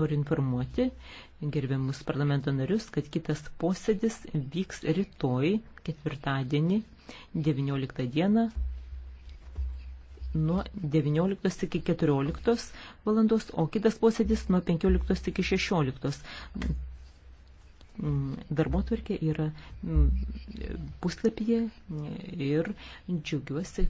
Noriu informuoti gerbiamus parlamento narius, kad kitas posėdis vyks rytoj, ketvirtadienį, 19 dieną, nuo 19 iki 14 valandos, o kitas posėdis nuo 15 iki 16. Darbotvarkė yra mm, puslapyje ir džiugiuosi,